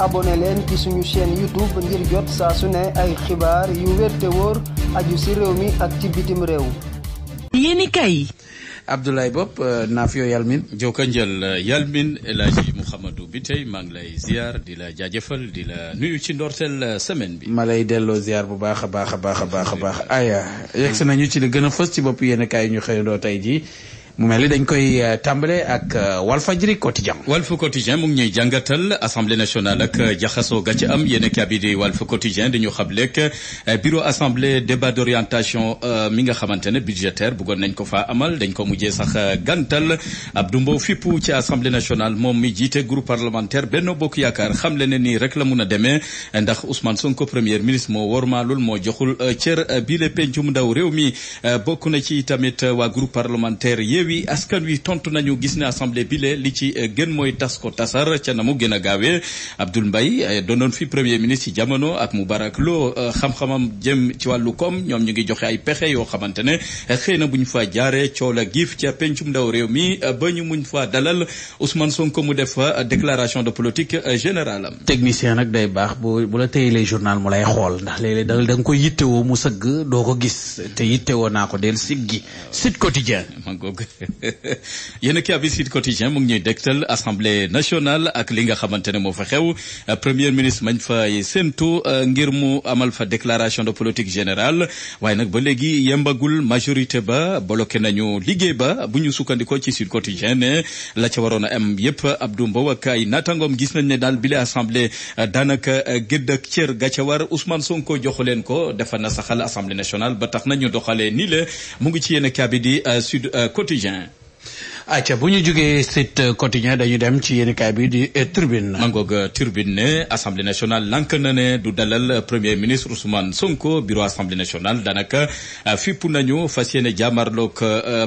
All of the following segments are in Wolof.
abonné leen ci suñu chaîne YouTube ngir jot saa su ne ay xibaar yu wér te aju ci réew mi ak ci bitim réew. yéeni kay. Abdoulaye Bopp euh, Nafio Yalmin. Joka Njël euh, Yalmin El Hadji Mouhamadou bi tey maa ngi lay ziar dila la jaajëfal di la nuyu ci ndorteel euh, semaine bi. ma lay delloo ziar bu baax a baax a baax a baax a baax. aya yegg si nañu ci li gën a fës ci bopp yéen kaay ñu xëyandoo tey jii. mu mel ni dañ koy euh, tàmbale ak euh, Walfadjri quotidien. Walf quotidien mu ngi ñuy jàngatal assemblée nationale ak euh, jaxasoo ga ci am yéen kabi di Walf quotidien dañu xam lekk bureau assemblée débat d'orientation mi nga xamante ne budgétaire bëggoon nañ ko faa amal dañ ko mujjee sax gantal Abdou Mbow fippu ci assemblée nationale moom mi jiite groupe parlementaire Benno Bokk Yaakaar xam le ne nii rek la mun a demee ndax Ousmane Sonko premier ministre moo wormaalul moo joxul cër bile pencum ndaw réew mi bokk na ci tamit waa groupe parlementaire yéew wi askan wii tontu nañu gis ne assemblée bi le li ci eh, gën mooy tas ko tasar ca na mu gën a gaawee Abdoul Mbaye eh, doonoon fi premier ministre ci jamono ak Moubarak Lo eh, xam-xamam jëm ci wàllu koom ñoom ñu ngi joxe ay pexe yoo xamante ne xëy na bu ñu faa jaaree coow la ca pencum ndaw réew mi ba ñu muñ faa dalal Ousmane Sonko mu def fa déclaration de politique générale am. technicien nag day baax bu bu la téyelee journal mu lay xool ndax léeg-léeg da nga ko yittewoo mu sëgg doo ko gis te yittewoo naa ko del siggi Sud Quotidien yéen ki abi Sud Quotidien mu ngi ñuy dégtal assemblée nationale ak li nga xamante ne moo fa xew premier ministre mañ fa fay séntu euh, ngir mu amal fa déclaration de politique générale waaye nag ba léegi yembagul majorité ba bloqué nañu liggéey ba bu ñu sukkandikoo ci Sud Quotidien ne la ca waroon a am yëpp Abdou Mbow ak ay naatangoom gis nañ ne daal bile assemblée euh, daanaka euh, gëdd ak cër ga ca war Ousmane Sonko joxu leen ko dafa na saxal assemblée nationale ba tax nañu doxalee 人。acca bu ñu jógee site quotidien dañu dem ci yéenekaay bi di eh, Tribune. mangoog eh, Tribune ne assemblée nationale lank na ne du dalal eh, premier ministre Ousmane Sonko bureau assemblée nationale daanaka fipp nañu fas yéene jaamarloog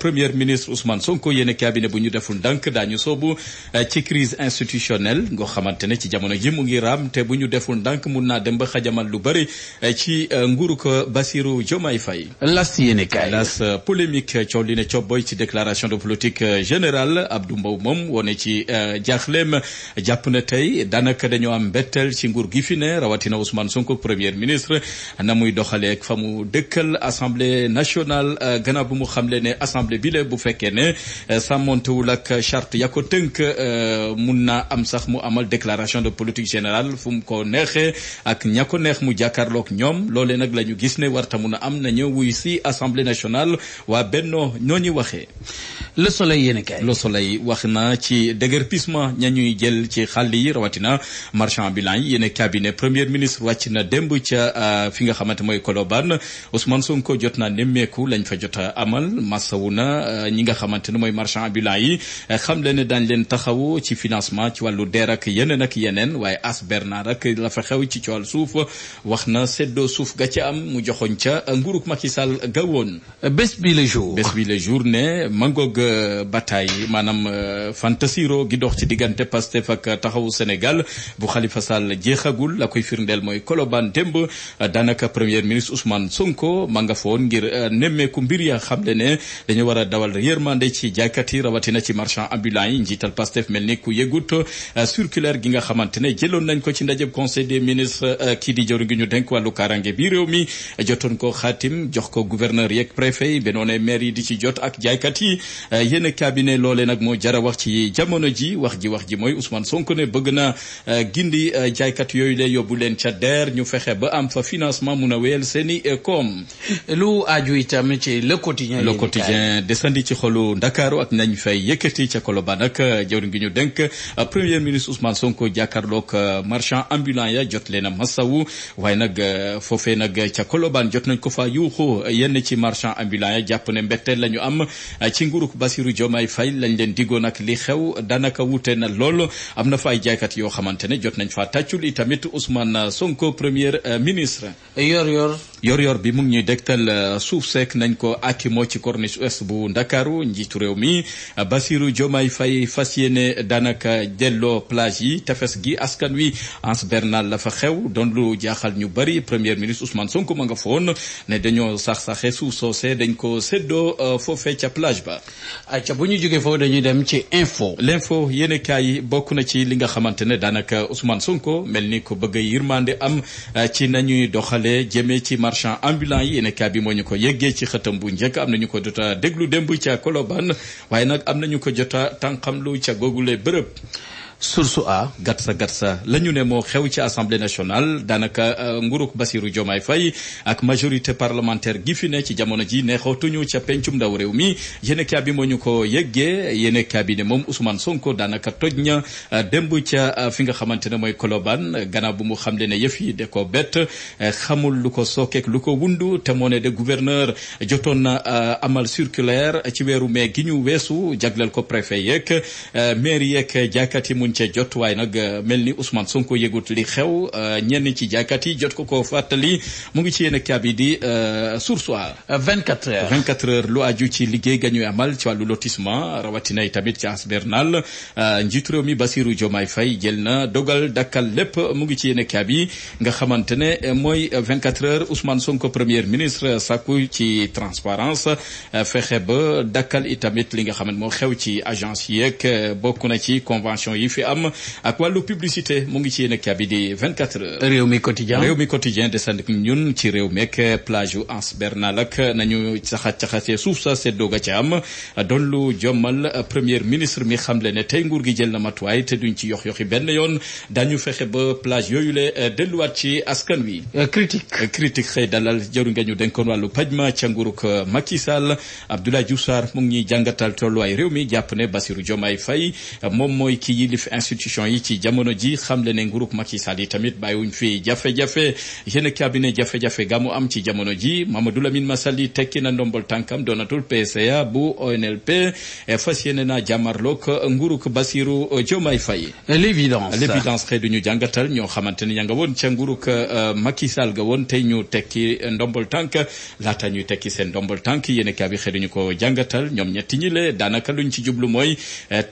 premier ministre Ousmane Sonko yéenekaay bi ne bu ñu deful ndànk daañu soobu ci crise institutionnelle ngoo xamante ne ci jamono ji mu ngi raam te bu ñu deful ndànk mun naa dem ba xajamal lu bari ci nguuru ko Bassirou Diomaye fay las yéenekaay las polémique coow li ci déclaration de politique. général abdu Mbow moom wone ci euh, jaaxleem jàpp na tey daanaka dañoo am mbetteel ci nguur gi fi ne rawatina Ousmane Sonko premier ministre na muy doxaleeg fa mu dëkkal assemblée nationale euh, gannaaw bu mu xam ne assemblée bi la bu fekkee ne euh, sàmmontewul ak charte ya ko tënk mun na am sax mu amal déclaration de politique générale fu mu ko neexee ak ña ko neex mu jàkkaarloog ñoom loole nag la ñu gis ne warta mun a am na ñëw wuy si assemblée nationale waa Benno ñoo waxee le soleil yéen kay le soleil wax na ci déguerpissement ña ñuy jël ci xàll yi rawatina marchand ambulant yi yéen cabinet premier ministre wàcc na démb ca euh, fi nga xamante mooy Colobane Ousmane Sonko jot naa nemmeeku lañ fa jot a amal masawu na euh, ñi nga xamante ne mooy marchand ambulant yi xam leen ne daañ leen taxaw ci financement ci wàllu deer ak yeneen ak yeneen waaye as Bernard ak la fa xew ci coowal suuf wax na seddoo suuf ga ca am mu joxoñ ca nguurug Macky Sall ga woon bés Euh, bataille maanaam euh, fantasiro gi dox ci diggante Pastef ak taxawu Sénégal bu Khalifa Sall jeexagul la koy firndeel mooy Colobane démb euh, daanaka premier ministre Ousmane Sonko ma nga foon ngir nemmeeku mbir ya xam le ne dañu war a dawal yërmande ci jaaykat yi rawatina ci marchand ambulant yi njiital Pastef mel ni ku yëgut circulaire gi nga xamante ne jëloon nañ ko ci ndajeb conseil des ministres kii di jëru ngi ñu dénk wàllu kaaraange bi réew mi jotoon ko xaatim jox ko gouverneur yeeg Euh, yéen cabinet loole nag moo jara wax ci jamono ji wax ji wax ji mooy Ousmane sonk ne bëgg na euh, gindi euh, jaaykat yooyu la yóbbu leen ca DER ñu fexe ba am fa financement mun a wéyal seen i koom. lu aju itam ci le quotidien. le quotidien desandi ci xolu Ndakaaru ak nañ fay yëkkati ca Kolobane nag jëwriñ gi ñu dénk premier ministre Ousmane Sonko jàkkaarloog marchand ambulant ya jot leen a masawu waaye nag foofee nag ca Kolobane jot nañ ko fa yuuxu yenn ci marchand ambulant ya jàpp ne mbetteel la ñu am ci nguurug Bassirou Diomaye Faye lañ leen diggoon ak li xew danaka wute na lool am na fa ay jaaykat yoo xamante ne jot nañ faa tàccul itamit Ousmane Sonko premier euh, ministre. yor yor. yor-yor bi mu ngi ñuy dégtal euh, suuf seek nañ ko akimoo ci corniche ouest bu ndakaaru njiitu réew mi Bassirou Diomaye fay fas yéene daanaka delloo plage yi tefes gi askan wi Anse Bernard la fa xew doon lu jaaxal ñu bari premier ministre Ousmane Sonko ma nga foon ne dañoo sax saxe suuf soosee dañ ko séddoo euh, foofee ca plage ba. ca bu ñu jógee foofu dañuy dem ci info. l'info yéen kaay bokk na ci li nga xamante ne daanaka Ousmane Sonko mel ni ko bëgg yërmande am euh, ci nañuy marchand ambulant yi yéen bi moo ñu ko yéggee ci xëtam bu njëkk am na ñu ko jot a déglu démb ca Colobane waaye nag am na ñu ko jot a tànqamlu ca googule bërëb source a gat sa gat sa la ñu ne moo xew ci assemblée nationale daanaka euh, nguruk Bassirou Diomaye Faye ak majorité parlementaire gi fi ne ci jamono ji neexatuñu ca pencum ndaw réew mi yéene kaa bi moo ñu ko yëggee yéene bi ne moom Ousmane Sonko daanaka toj ña euh, demb ca euh, fi nga xamante ne mooy Colobane gannaaw bu mu xamle ne yëf yi de ko bett xamul lu ko sookeek lu ko wundu te moo ne de gouverneur jotoon na amal circulaire ci weeru mai gi ñu weesu jagleel ko préfet yeeg maire yeeg jaakati muñ cee jot waaye nag euh, mel ni Ousmane Sonko yëgut li xew euh, ñenn ci jaaykat yi jot ko ko fàttali mu ngi ci yéen ak bi di euh, Source A. 24 heures 24 lu aju ci liggéey ga ñuy amal ci wàllu lotissement rawatina tamit ci asbernal njiitu réew mi Bassirou Diomaye fay jël na dogal dakkal lépp mu ngi ci yéen ak bi nga xamante ne mooy 24 heures Ousmane Sonko premier ministre sàkku ci transparence fexe ba dakkal itamit li nga xam ne moo xew ci agence yeeg bokk na ci convention yi. fi am ak wàllu publicité mu ngi ci yéen a di 24 heures. réew mi quotidien réew mi quotidien desandi ñun ci réew mi meek plage yu Anse Bernal ak nañu caxat caxatee suuf sa seddoo ga ca am doon lu jommal première ministre mi xamle ne tey nguur gi jël na matuwaay te duñ ci yox yoxi benn yoon dañu fexe ba plage yooyu la eh, delluwaat ci askan wi. Euh, critique euh, critique xëy dalal jëru nga ñu dénkoon wàllu ma ca nguuruk euh, Macky Sall Abdoulaye Diouf Sarr mu ngi ñuy jàngatal tolluwaay réew mi jàpp ne Bassirou Diomaye Faye moom collectif institution yi ci jamono ji xam ne nguurug Macky Sall yi tamit bàyyiwuñ fi jafe-jafe yéen cabinet jafe-jafe ga mu am ci jamono ji Mamadou Lamine Massaly tekki na ndombol tànkam doonatul PCA bu ONLP e, fas yéene naa jàmmarloog nguurug Bassirou Diomaye Faye l'évidence l'évidence xëy du ñu jàngatal ñoo xamante ni ña nga woon ca nguurug euh, Macky Sall ga woon tey ñu tekki ndombol tànk laata ñuy tekki seen ndombol tànk yéen kabi xëy duñu ko jàngatal ñoom ñetti ñi le daanaka luñ ci jublu mooy euh,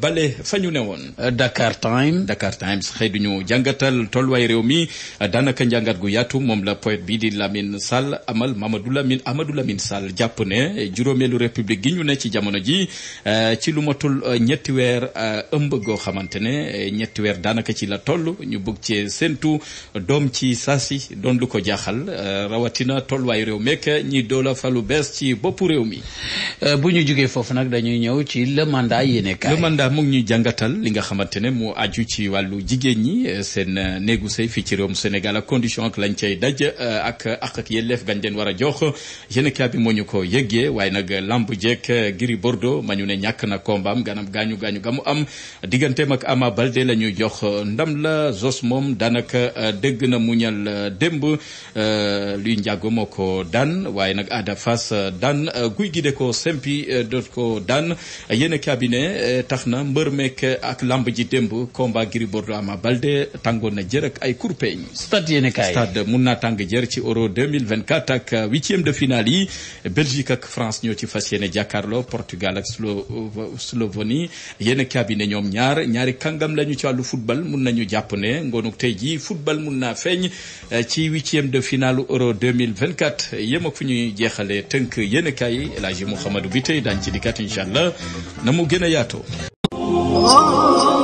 bale fa ñu ne woon. Euh, Dakar Time Dakar Times xëy du ñu jàngatal tolluwaay réew mi daanaka jàngat gu yatu moom la poète bii di Lamine Sall amal Mamadou Lamine Amadou Sall jàpp ne juróomeelu république gi ñu ne ci jamono ji euh, ci lu matul euh, ñetti weer ëmb goo xamante ne ñetti weer daanaka ci la toll ñu bëgg ci séentu doom ci saasi doon lu ko jaaxal rawatina tolluwaay réew mekk ñi doola fa lu bees ci boppu réew mi. bu ñu jógee foofu nag dañuy ñëw ci le mandat Kolda mu ngi li nga xamante ne mu aju ci wàllu jigéen ñi eh, seen eh, néegu sëy fii ci réewum Sénégal ak condition ak lañ cay daj eh, ak ak ak yelleef gañ leen war a jox yéen bi moo ñu ko yëggee waaye nag lamb jekk Gris Bordeaux ma ñu ne ñàkk na kombaam ganam gaañu gaañu gamu am digganteem ak Ama Baldé la ñuy jox ndam la zos moom daanaka dégg na mu muñal démb luy njàggo moo ko daan waaye nag Ada Fass daan guy gi ko sempi doot ko daan yéen cabinet tax na mbër mekk ak lamb ji démb combat Gris Bordeaux Ama Baldé tàngoon na jër ak ay kurpeñ. stade yéen kaay stade mun naa tàng jër ci euro 2024 ak huitième de finale yi Belgique ak France ñoo ci fas yéene jàkkaarloo Portugal ak Slo Slovénie yéen cabinet ñoom ñaar ñaari kàngam lañu ci wàllu football mun nañu jàpp ne ngoonu tey jii football mun naa feeñ eh, ci huitième de finale euro 2024 yem ak fu ñuy jeexalee tënk yéen kaay El Hadji Mouhamadou bi tey daañu ci dikkaat incha allah na mu gën a yaatoo Oh,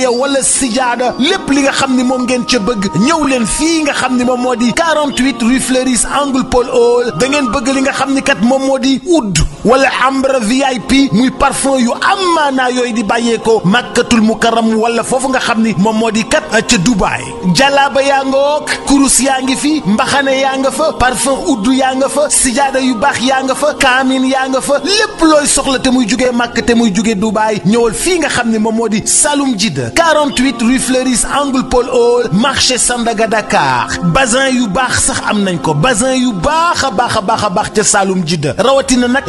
raaya wala sijaada lépp li nga xam ni moom ngeen ca bëgg ñëw leen fii nga xam ni moom moo di 48 rue Fleuris angle Paul Hall da ngeen bëgg li nga xam ni kat moom moo di oud wala ambre VIP muy parfum yu am maanaa yooyu di bàyyeekoo màkkatul mukaram wala foofu nga xam ni moom moo di kat ca Dubaay jalaaba yaa nga wook kurus yaa ngi fi mbaxane yaa nga fa parfum uddu yaa nga fa sijaada yu baax yaa nga fa kaamin yaa nga fa lépp looy soxla te muy jugee màkk te muy jugee Dubaay ñëwal fii nga xam ni moom moo di Saloum Jidda 48 rue Fleuris angle Paul Hall marché Sandaga Dakar bazin yu baax sax am nañ ko bazin yu baax a baax a baax a baax ca Saloum Jidda rawatina nag